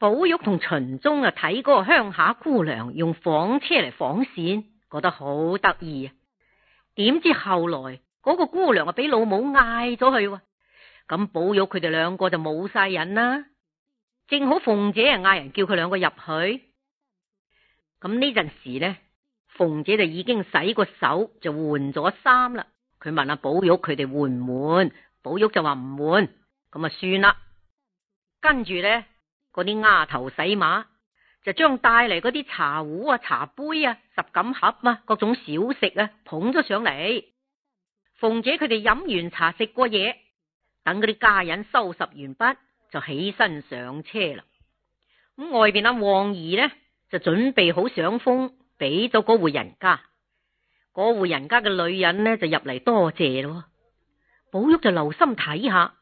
寶玉同秦鐘啊睇嗰個鄉下姑娘用紡車嚟紡線，覺得好得意啊！點知後來嗰個姑娘啊俾老母嗌咗去，咁寶玉佢哋兩個就冇晒癮啦。正好鳳姐啊嗌人叫佢兩個入去，咁呢陣時咧，鳳姐就已經洗過手就換咗衫啦。佢問阿寶玉佢哋換唔換？寶玉就話唔換，咁啊算啦。跟住咧。嗰啲丫頭洗馬就將帶嚟嗰啲茶壺啊、茶杯啊、十錦盒啊、各種小食啊捧咗上嚟。鳳姐佢哋飲完茶食過嘢，等嗰啲家人收拾完畢就起身上車啦。咁外邊阿旺兒呢，就準備好賞封俾咗嗰戶人家，嗰戶人家嘅女人呢，就入嚟多謝咯。寶玉就留心睇下，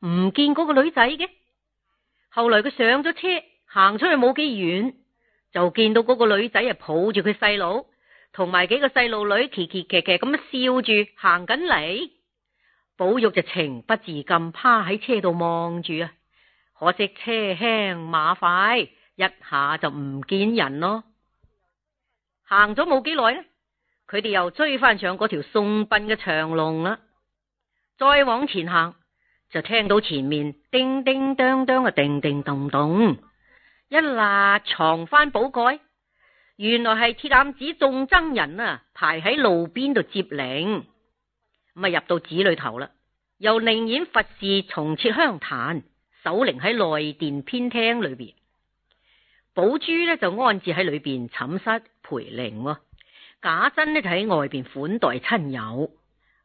唔見嗰個女仔嘅。後來佢上咗車，行出去冇幾遠，就見到嗰個女仔啊，抱住佢細佬，同埋幾個細路女嘀嘀嘀嘀，奇奇奇奇咁樣笑住行緊嚟。寶玉就情不自禁趴喺車度望住啊，可惜車輕馬快，一下就唔見人咯。行咗冇幾耐咧，佢哋又追翻上嗰條送殯嘅長龍啦，再往前行。就聽到前面叮叮當當嘅叮叮咚咚，一拉藏翻寶蓋，原來係鐵檻寺眾僧人啊，排喺路邊度接靈，咁啊入到寺裏頭啦，又寧遠佛事重設香壇，守靈喺內殿偏廳裏邊，寶珠呢就安置喺裏邊寢室陪靈，賈珍呢就喺外邊款待親友，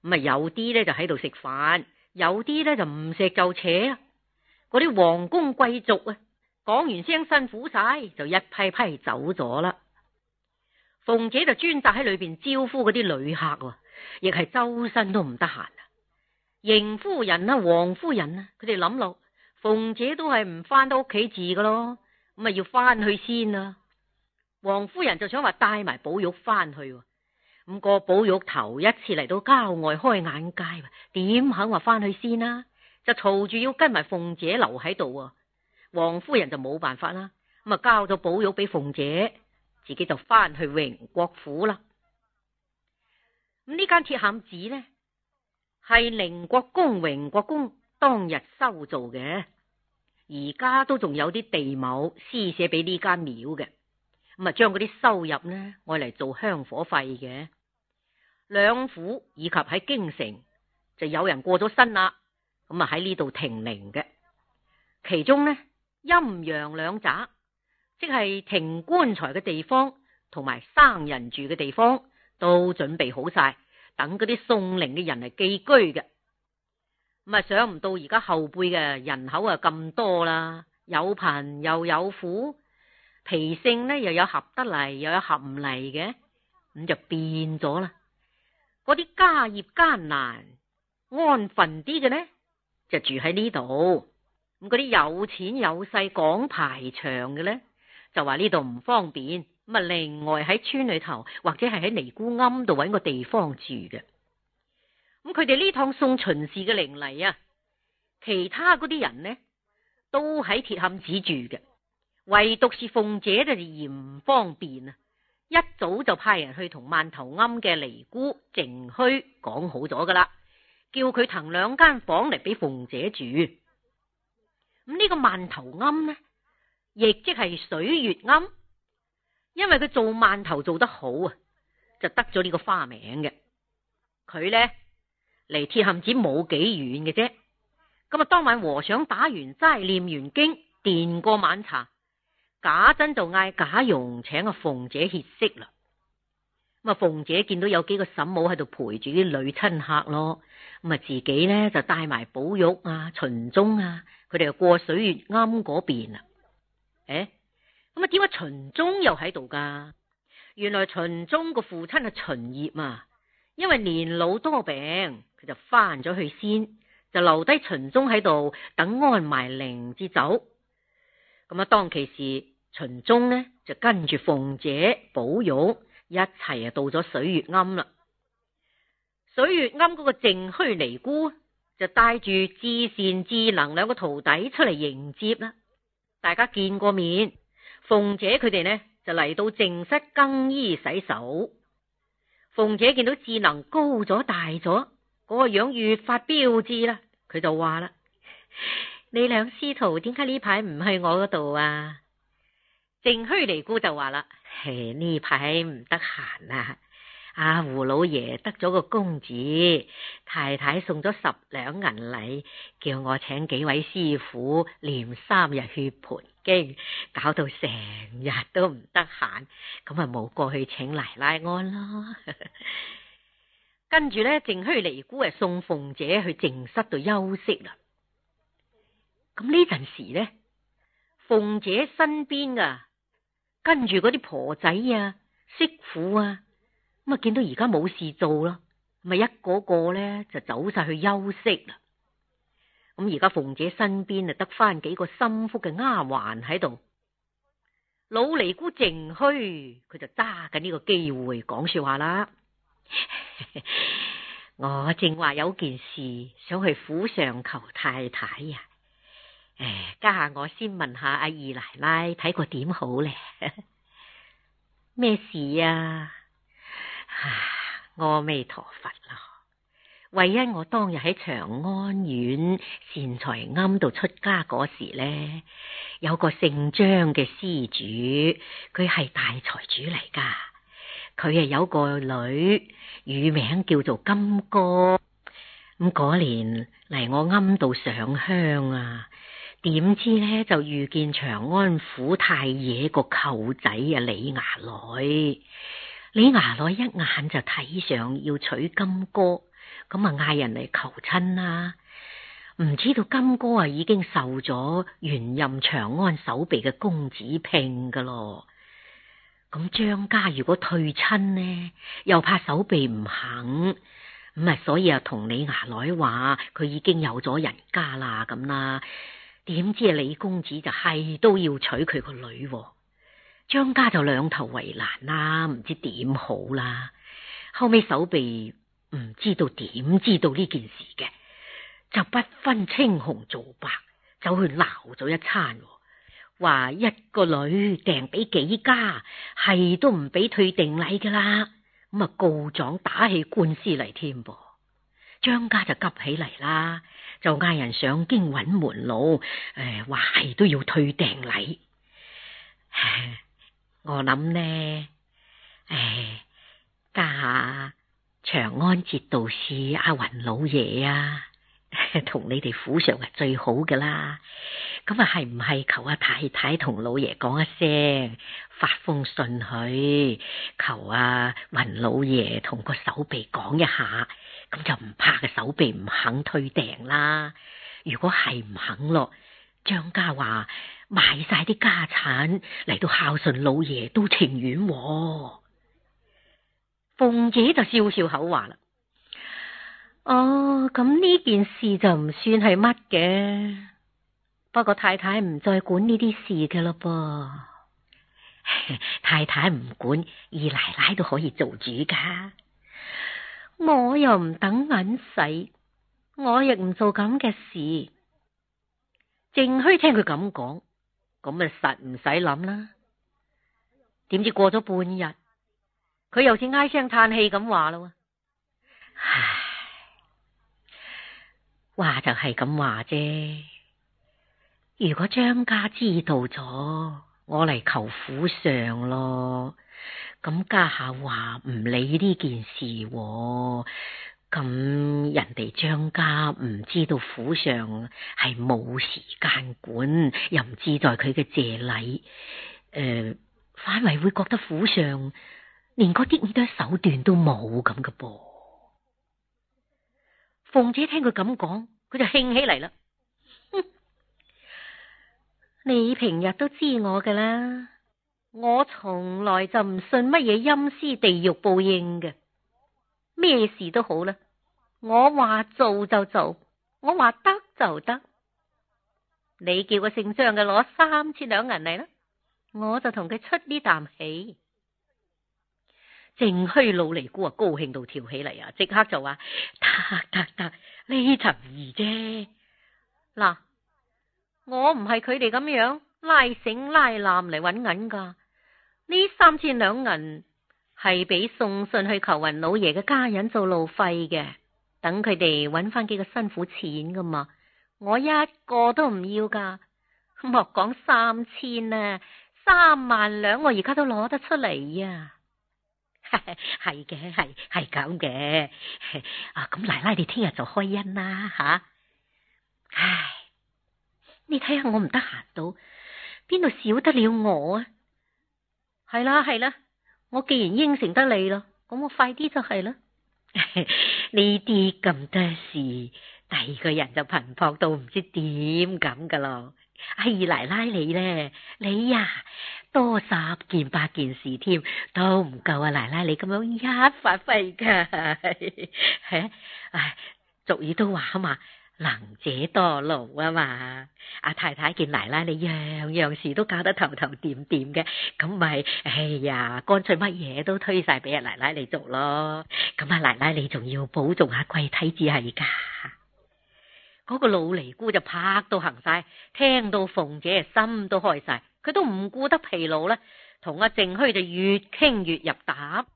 咁啊有啲咧就喺度食飯。有啲咧就唔食就扯啦，嗰啲王公貴族啊，講完聲辛苦晒就一批批走咗啦。鳳姐就專責喺裏邊招呼嗰啲女客，亦係周身都唔得閒。邢夫人啊，王夫人啊，佢哋諗落，鳳姐都係唔翻到屋企住噶咯，咁咪要翻去先啊。王夫人就想話帶埋寶玉翻去。五個寶玉頭一次嚟到郊外開眼界，點肯話翻去先啦？就嘈住要跟埋鳳姐留喺度啊！王夫人就冇辦法啦，咁交咗寶玉俾鳳姐，自己就翻去榮國府啦。咁呢間鐵檻寺咧，係寧國公榮國公當日修造嘅，而家都仲有啲地畝施捨俾呢間廟嘅。咁啊，將嗰啲收入呢，用嚟做香火費嘅。兩府以及喺京城就有人過咗身啦，咁啊喺呢度停靈嘅。其中呢陰陽兩宅，即係停棺材嘅地方，同埋生人住嘅地方，都準備好晒，等嗰啲送靈嘅人嚟寄居嘅。咁啊，想唔到而家後輩嘅人口啊咁多啦，有貧又有富。脾性咧又有合得嚟，又有合唔嚟嘅，咁、嗯、就變咗啦。嗰啲家業艱難、安分啲嘅呢，就住喺呢度；咁嗰啲有錢有勢、講排場嘅咧，就話呢度唔方便，咁啊另外喺村裏頭或者係喺尼姑庵度揾個地方住嘅。咁佢哋呢趟送秦氏嘅靈嚟啊，其他嗰啲人呢，都喺鐵檻寺住嘅。唯獨是鳳姐就嫌唔方便啊！一早就派人去同饅頭庵嘅尼姑淨虛講好咗噶啦，叫佢騰兩間房嚟，俾鳳姐住。咁呢個饅頭庵呢，亦即係水月庵，因為佢做饅頭做得好啊，就得咗呢個花名嘅。佢呢離鐵檻寺冇幾遠嘅啫。咁啊，當晚和尚打完齋，念完經，奠過晚茶。假真就嗌賈蓉請阿鳳姐歇息啦。咁啊，鳳姐見到有幾個嬸母喺度陪住啲女親客咯，咁啊自己咧就帶埋寶玉啊、秦鍾啊，佢哋就過水月庵嗰邊啦。誒、欸，咁啊，點解秦鍾又喺度噶？原來秦鍾個父親係秦業啊，因為年老多病，佢就翻咗去先，就留低秦鍾喺度等安埋靈之走。咁啊，當其時。秦忠呢就跟住鳳姐寶玉一齊啊到咗水月庵啦。水月庵嗰個靜虛尼姑就帶住智善、智能兩個徒弟出嚟迎接啦。大家見過面，鳳姐佢哋呢就嚟到靜室更衣洗手。鳳姐見到智能高咗大咗，嗰、那個樣越發標緻啦。佢就話啦：「你兩師徒點解呢排唔去我嗰度啊？」淨虛尼姑就話啦：嘿，呢排唔得閒啦，阿胡老爺得咗個公子，太太送咗十兩銀禮，叫我請幾位師傅連三日血盆經，搞到成日都唔得閒，咁啊冇過去請奶奶安咯。跟住咧，靜虛尼姑係送鳳姐去靜室度休息啦。咁呢陣時咧，鳳姐身邊啊～跟住嗰啲婆仔啊、媳婦啊，咁啊見到而家冇事做啦，咪一個個咧就走晒去休息。咁而家鳳姐身邊啊得翻幾個心腹嘅丫鬟，喺度。老尼姑靜虛，佢就揸緊呢個機會講說話啦。 我正話有件事想去府上求太太呀、啊。誒，家下我先問下阿二奶奶睇個點好咧？咩 事啊？阿彌陀佛咯、啊，唯一我當日喺長安縣善財庵度出家嗰時咧，有個姓張嘅施主，佢係大財主嚟噶，佢係有個女，乳名叫做金哥。咁嗰年嚟我庵度上香啊！點知咧就遇見長安府太爺個舅仔啊李衙內，李衙內一眼就睇上要娶金哥，咁啊嗌人嚟求親啦。唔知道金哥啊已經受咗原任長安守備嘅公子聘噶咯。咁張家如果退親呢，又怕守備唔肯，咁啊所以啊同李衙內話佢已經有咗人家啦咁啦。點知李公子就係都要娶佢個女，張家就兩頭為難啦，唔知點好啦。後尾守備唔知道點知道呢件事嘅，就不分青紅皂白，走去鬧咗一餐，話一個女訂俾幾家，係都唔俾退定禮噶啦，咁啊告狀打起官司嚟添噃。張家就急起嚟啦，就嗌人上京揾門路，誒話係都要退訂禮。我諗呢，唉，家下長安節度使阿雲老爺啊，同 你哋府上係最好噶啦。咁啊係唔係求阿太太同老爺講一聲發封信去？求阿、啊、雲老爺同個守備講一下。咁就唔怕佢手臂唔肯退訂啦。如果係唔肯咯，張家話賣晒啲家產嚟到孝順老爺都情願。鳳姐就笑笑口話啦：哦，咁呢件事就唔算係乜嘅。不過太太唔再管呢啲事嘅咯噃。 太太唔管，二奶奶都可以做主噶。我又唔等銀使，我亦唔做咁嘅事。淨虛聽佢咁講，咁咪實唔使諗啦。點知過咗半日，佢又似唉聲嘆氣咁話咯，唉，話就係咁話啫。如果張家知道咗，我嚟求府上咯。咁家下話唔理呢件事，咁人哋張家唔知道府上係冇時間管，又唔志在佢嘅謝禮，誒、呃，反為會覺得府上連嗰啲咁多手段都冇咁嘅噃。鳳姐聽佢咁講，佢就興起嚟啦。 你平日都知我㗎啦。我從來就唔信乜嘢陰司地獄報應嘅，咩事都好啦，我話做就做，我話得就得。你叫個姓張嘅攞三千兩銀嚟啦，我就同佢出呢啖氣。淨虛老尼姑啊，高興到跳起嚟啊！即刻就話得得得，呢層易啫。嗱，我唔係佢哋咁樣拉繩拉纜嚟揾銀噶。呢三千兩銀係俾送信去求雲老爺嘅家人做路費嘅，等佢哋揾翻幾個辛苦錢噶嘛，我一個都唔要噶，莫講三千啊，三萬兩我而家都攞得出嚟啊！係 嘅，係係咁嘅，咁、 啊、奶奶你聽日就開恩啦吓、啊！唉，你睇下我唔得閒到，邊度少得了我啊！係啦係啦，我既然應承得你咯，咁我快啲就係啦。呢啲咁多事，第二個人就頻撲到唔知點咁噶咯。阿二奶奶你咧，你呀、啊、多十件百件事添，都唔夠啊！奶奶你咁樣一發揮噶，唉、 哎，俗語都話啊嘛。能者多勞啊嘛！阿、啊、太太見奶奶你樣樣事都搞得頭頭掂掂嘅，咁咪哎呀，乾脆乜嘢都推晒俾阿奶奶嚟做咯。咁、啊、阿奶奶你仲要保重下貴體至係噶。嗰個老尼姑就拍到行晒，聽到鳳姐心都開晒，佢都唔顧得疲勞啦，同阿、啊、靜虛就越傾越入搭。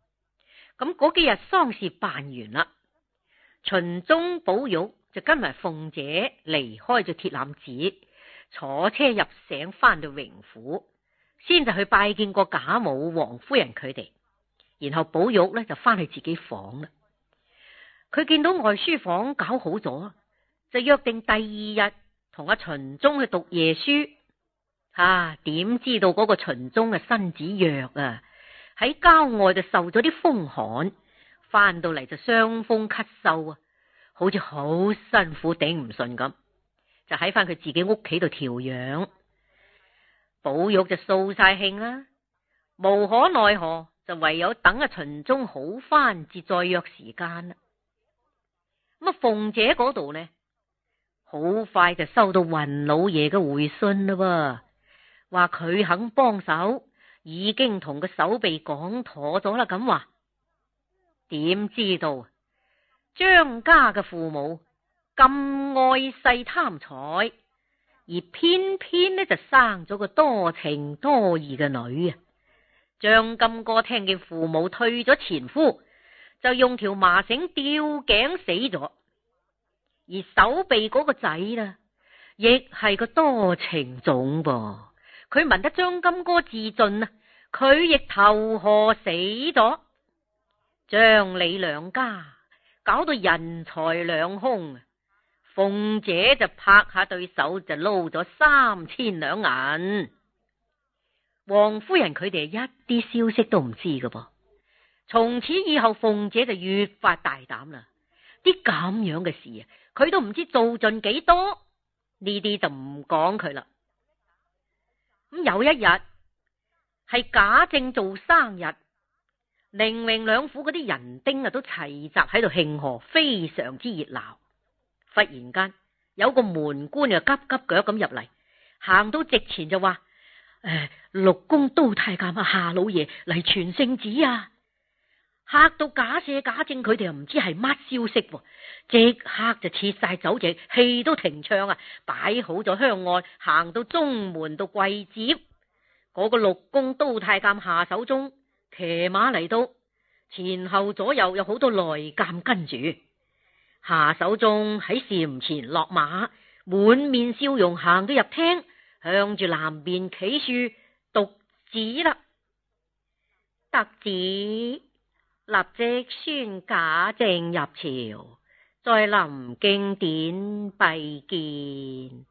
咁嗰幾日喪事辦完啦，秦鍾寶玉，就跟埋鳳姐離開咗鐵檻寺，坐車入城翻到榮府，先就去拜見過賈母、王夫人佢哋，然後寶玉咧就翻去自己房啦。佢見到外書房搞好咗，就約定第二日同阿秦鐘去讀夜書。啊，點知道嗰個秦鐘嘅身子弱啊，喺郊外就受咗啲風寒，翻到嚟就傷風咳嗽啊！好似好辛苦頂唔順咁，就喺返佢自己屋企度調養，寶玉就掃晒興啦，無可奈何就唯有等阿秦鐘好返，至再約時間啦。咁啊，鳳姐嗰度呢，好快就收到雲老爺嘅回信啦，話佢肯幫手，已經同個守備講妥咗啦，咁話點知道？張家嘅父母咁愛世貪財，而偏偏呢就生咗個多情多義嘅女啊！張金哥聽見父母退咗前夫，就用條麻繩吊頸死咗。而守備嗰個仔啦，亦係個多情種噃。佢聞得張金哥自盡啊，佢亦投河死咗。張李兩家。搞到人財兩空，鳳姐就拍下對手就撈咗三千兩銀。王夫人佢哋一啲消息都唔知㗎噃。從此以後，鳳姐就越發大膽啦。啲咁樣嘅事啊，佢都唔知做盡幾多。呢啲就唔講佢啦。咁有一日係賈政做生日。寧榮兩府嗰啲人丁啊，都齊集喺度慶賀，非常之熱鬧。忽然間有個門官又急急腳咁入嚟，行到席前就話：誒，六宮都太監夏老爺嚟傳聖旨啊！吓到賈赦、賈政佢哋又唔知係乜消息，即刻就撤晒酒席，戲都停唱啊！擺好咗香案，行到中門到跪接，嗰、那個六宮都太監夏守忠。騎馬嚟到，前後左右有好多內監跟住。夏守忠喺禪前落馬，滿面笑容行到入廳，向住南邊企樹讀紙啦。特字立即宣賈政入朝，再臨經典拜見。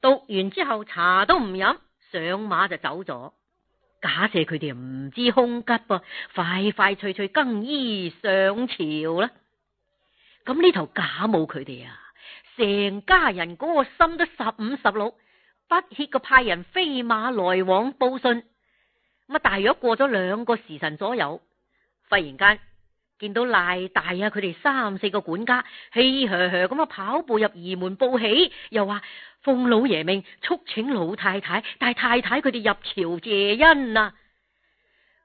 讀完之後茶都唔飲，上馬就走咗。賈赦佢哋唔知凶吉噃，快快脆脆更衣上朝啦。咁呢頭賈母佢哋啊，成家人個心都十五十六，不歇嘅派人飛馬來往報信。咁大約過咗兩個時辰左右，忽然間。見到賴大啊，佢哋三四個管家氣嘘嘘咁啊，嘻嘻嘻跑步入儀門報喜，又話奉老爺命速請老太太帶太太佢哋入朝謝恩啊！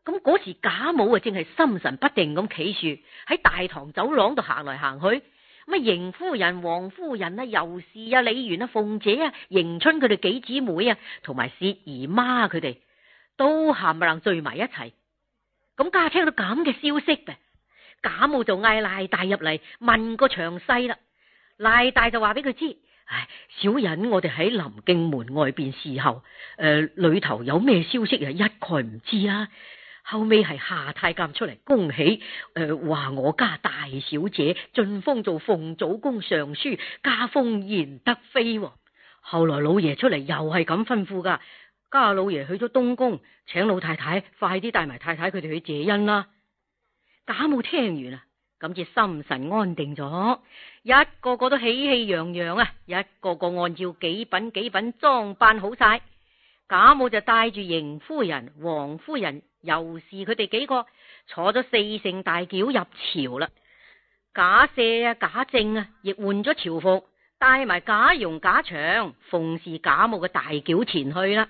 咁嗰時賈母啊，正係心神不定咁企住喺大堂走廊度行來行去，咁迎夫人、王夫人啊、尤氏啊、李紈、啊、鳳姐啊、迎春佢哋幾姊妹啊，同埋薛姨媽佢哋都冚唪唥聚埋一齊，咁家聽到咁嘅消息唄。賈母就嗌賴大入嚟問個詳細啦，賴大就話俾佢知：唉，小人，我哋喺臨敬門外邊侍候，誒、呃、裏頭有咩消息啊？一概唔知啊。後尾係夏太監出嚟恭喜，誒、呃、話我家大小姐晉封做鳳藻宮尚書，加封賢德妃。後來老爺出嚟又係咁吩咐噶，家老爺去咗東宮，請老太太快啲帶埋太太佢哋去謝恩啦。賈母聽完啊，咁就心神安定咗，一個個都喜氣洋洋啊，一個個按照幾品幾品裝扮好晒。賈母就帶住邢夫人、王夫人、尤氏佢哋幾個坐咗四乘大轎入朝啦。賈赦啊、賈政啊，亦換咗朝服，帶埋賈蓉、賈祥奉侍賈母嘅大轎前去啦。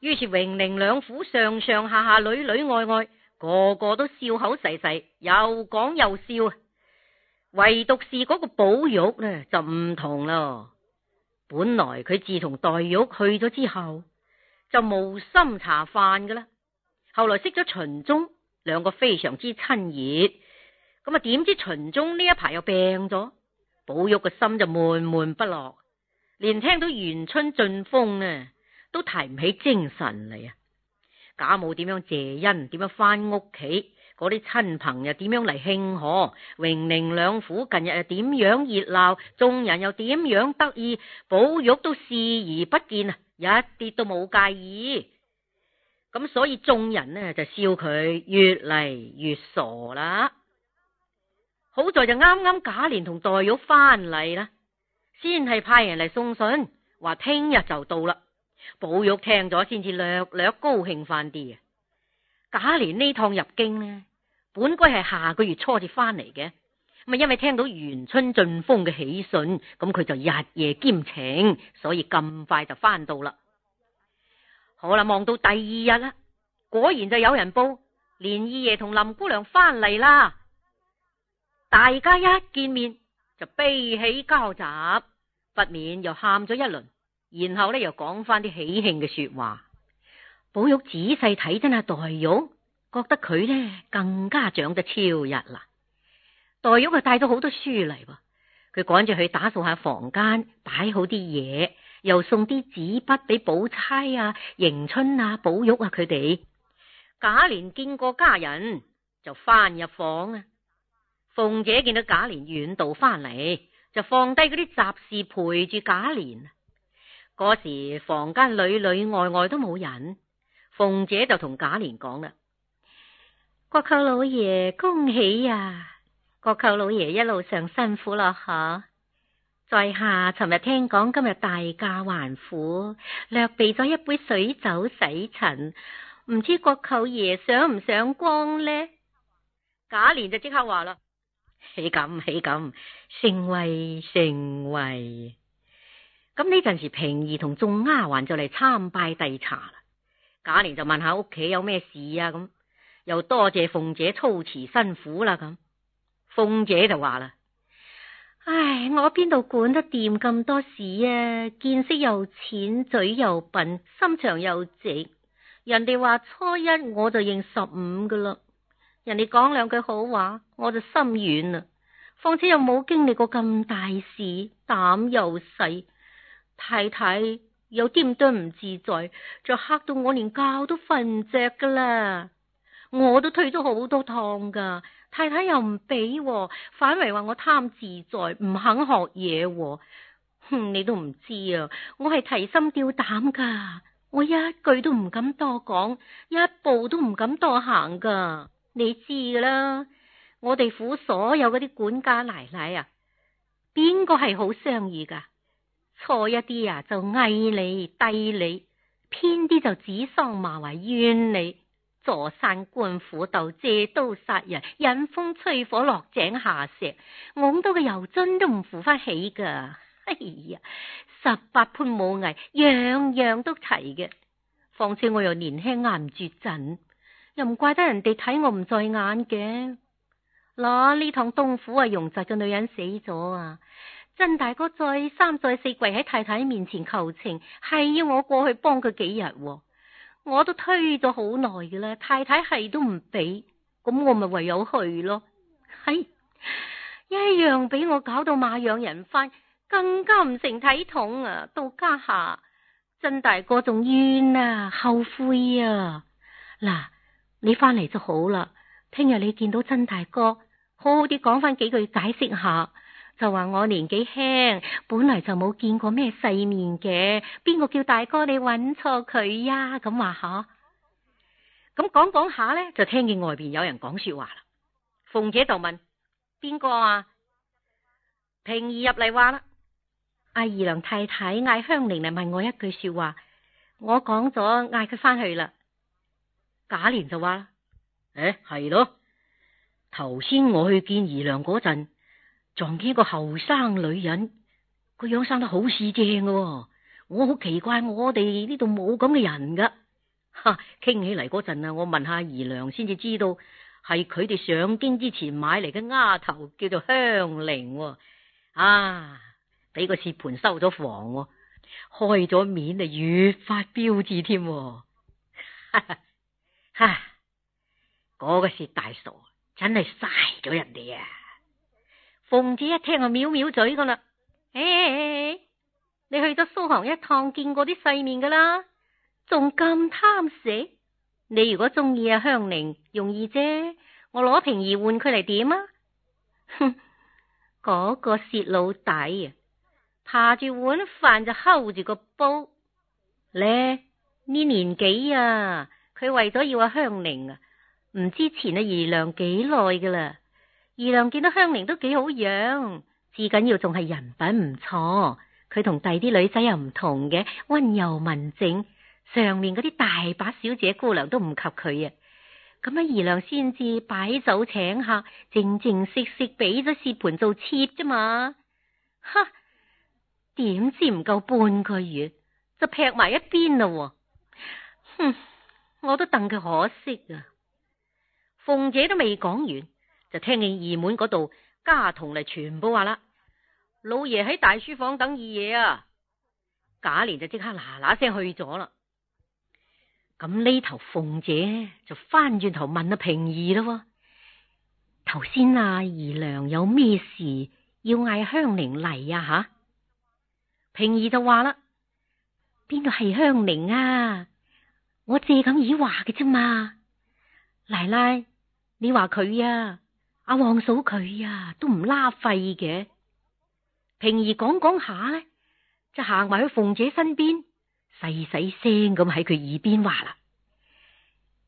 於是榮寧兩府上上下下、裏裏外外。個個都笑口噬噬，又講又笑。唯獨是個寶玉呢，就唔同咯。本來佢自從黛玉去咗之後，就無心茶飯噶啦。後來識咗秦鐘，兩個非常之親熱。咁啊，點知秦鐘呢一排又病咗，寶玉嘅心就悶悶不樂，連聽到元春進封呢，都提唔起精神嚟啊！賈母點樣謝恩？點樣翻屋企？嗰啲親朋又點樣嚟慶賀？榮寧兩府近日又點樣熱鬧？眾人又點樣得意？寶玉都視而不見啊，一啲都冇介意。咁所以眾人呢就笑佢越嚟越傻啦。好在就啱啱賈璉同黛玉翻嚟啦，先係派人嚟送信，話聽日就到啦。寶玉聽咗，先至略略高興翻啲啊，賈璉呢趟入京呢，本該係下個月初至翻嚟嘅，咁因為聽到元春進封嘅喜訊，咁佢就日夜兼程，所以咁快就翻到啦。好啦，望到第二日啦，果然就有人報，璉二爺同林姑娘翻嚟啦。大家一見面就悲喜交集，不免又喊咗一輪。然後咧，又講翻啲喜慶嘅說話。寶玉仔細睇真阿黛玉，覺得佢咧更加長得超逸啦。黛玉啊，帶咗好多書嚟喎，佢趕住去打掃下房間，擺好啲嘢，又送啲紙筆俾寶釵啊、迎春啊、寶玉啊佢哋。賈璉見過家人，就翻入房啊。鳳姐見到賈璉遠道翻嚟，就放低嗰啲雜事陪假，陪住賈璉。嗰時房間裏裏外外都冇人，鳳姐就同賈璉講啦：國舅老爺恭喜啊！國舅老爺一路上辛苦咯，嗬！在下尋日聽講今日大駕還府，略備咗一杯水酒洗塵，唔知國舅爺賞唔賞光呢？賈璉就即刻話啦：豈敢豈敢，盛威盛威！咁呢陣時，平兒同眾丫鬟就嚟參拜遞茶啦。賈璉就問下屋企有咩事啊？咁又多謝鳳姐操持辛苦啦。咁鳳姐就話啦：唉，我邊度管得掂咁多事啊？見識又淺，嘴又笨，心腸又直。人哋話初一我就認十五噶啦。人哋講兩句好話，我就心軟啦。況且又冇經歷過咁大事，膽又細。太太有啲咁多唔自在，就吓到我連覺都瞓唔着噶啦！我都退咗好多趟噶，太太又唔俾喎，反為話我貪自在，唔肯學嘢喎。哼，你都唔知啊！我係提心吊膽噶，我一句都唔敢多講，一步都唔敢多行噶。你知噶啦，我哋府所有嗰啲管家奶奶啊，邊個係好相與噶？錯一啲啊，就挨你低你，偏啲就指桑罵槐怨你，坐山觀虎鬥，借刀殺人，引風吹火、落井下石，拱到個油樽都唔扶翻起噶。哎呀，十八般武藝，樣樣都齊嘅。況且我又年輕，挨唔住陣，又唔怪得人哋睇我唔在眼嘅。嗱、啊，呢趟東府啊，容澤嘅女人死咗啊。曾大哥再三再四跪喺太太面前求情，係要我過去幫佢幾日，啊，我都推咗好耐嘅啦。太太係都唔俾，咁我咪唯有去咯。係、哎、一樣俾我搞到馬仰人翻，更加唔成體統啊！到家下，曾大哥仲冤啊，後悔啊！嗱，你翻嚟就好啦。聽日你見到曾大哥，好好啲講翻幾句解釋下。就話我年紀輕，本來就冇見過咩世面嘅，邊個叫大哥你揾錯佢呀？咁話吓，咁講講下咧，就聽見外邊有人講說話啦。鳳姐就問邊個啊？平兒入嚟話啦，阿姨娘太太嗌香菱嚟問我一句說話，我講咗嗌佢翻去啦。賈璉就話：誒、欸，係咯，頭先我去見姨娘嗰陣，撞見一個後生女人，個樣生得好似正嘅，哦，我好奇怪，我哋呢度冇咁嘅人噶。哈、啊，傾起嚟嗰陣啊，我問下姨娘先至知道，係佢哋上京之前買嚟嘅丫頭，叫做香菱、哦、啊，俾個薛蟠收咗房，開咗面就哈哈啊，越發標致添。哈，嗰個薛大傻真係嘥咗人哋啊！鳳姐一聽就藐藐嘴噶啦，誒，你去咗蘇杭一趟，見過啲世面噶啦，仲咁貪食？你如果中意阿香菱，容易啫，我攞平兒換佢嚟點啊？嗰、那個薛老弟啊，爬住碗飯就摳住個煲，咧呢年紀啊，佢為咗要阿、啊、香菱啊，唔知纏阿姨娘幾耐噶啦。二娘見到香菱都幾好樣，至緊要仲係人品唔錯。佢同第啲女仔又唔同嘅，溫柔文靜，上面嗰啲大把小姐姑娘都唔及佢啊。咁啊，二娘先至擺酒請客，正正式式俾咗薛蟠做妾啫嘛。哈，點知唔夠半個月就劈埋一邊啦。哼，我都戥佢可惜啊。鳳姐都未講完，就聽見二門嗰度家童嚟全部話啦，老爺喺大書房等二爺啊，賈璉就即刻嗱嗱聲去咗啦。咁呢頭鳳姐就翻轉頭問阿平兒咯，頭先阿姨娘有咩事要嗌香菱嚟啊吓？平兒就話啦，邊個係香菱啊？我借咁耳話嘅啫嘛，奶奶你話佢啊？阿黃嫂佢呀都唔拉費嘅，平兒講講下咧，就行埋去鳳姐身邊，細細聲咁喺佢耳邊話啦。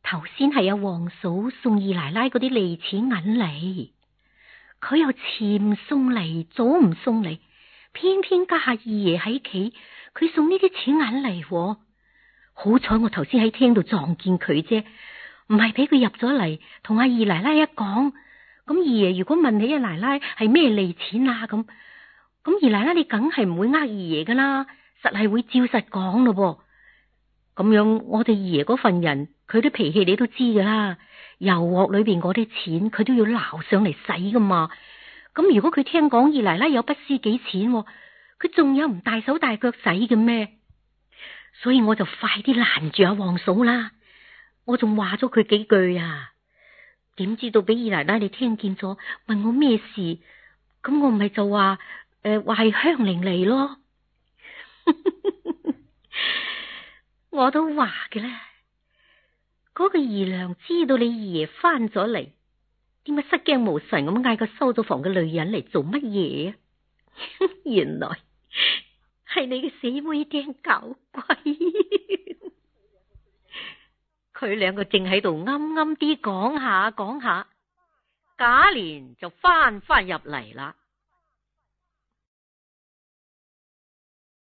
頭先係阿黃嫂送二奶奶嗰啲利錢銀嚟，佢又遲唔送嚟，早唔送嚟，偏偏家下二爺喺企，佢送呢啲錢銀嚟。好彩我頭先喺廳度撞見佢啫，唔係俾佢入咗嚟，同阿二奶奶一講。咁二爺如果問起阿奶奶係咩利錢啊咁，咁二奶奶你梗係唔會呃二爺噶啦，實係會照實講咯噃。咁樣我哋二爺嗰份人，佢啲脾氣你都知噶啦。油鑊裏邊嗰啲錢，佢都要撈上嚟使噶嘛。咁如果佢聽講二奶奶有筆私己錢，佢仲有唔大手大腳使嘅咩？所以我就快啲攔住阿、啊、黃嫂啦，我仲話咗佢幾句啊。點知道俾二奶奶你聽見咗？問我咩事？咁我唔係就話誒，話、呃、係香菱嚟咯。 我都話嘅啦。嗰、那個姨娘知道你二爺翻咗嚟，點解失驚無神咁嗌個收咗房嘅女人嚟做乜嘢啊？ 原來係你嘅死妹釘搞鬼。 佢兩個正喺度啱啱啲講下講下，賈璉就翻翻入嚟啦。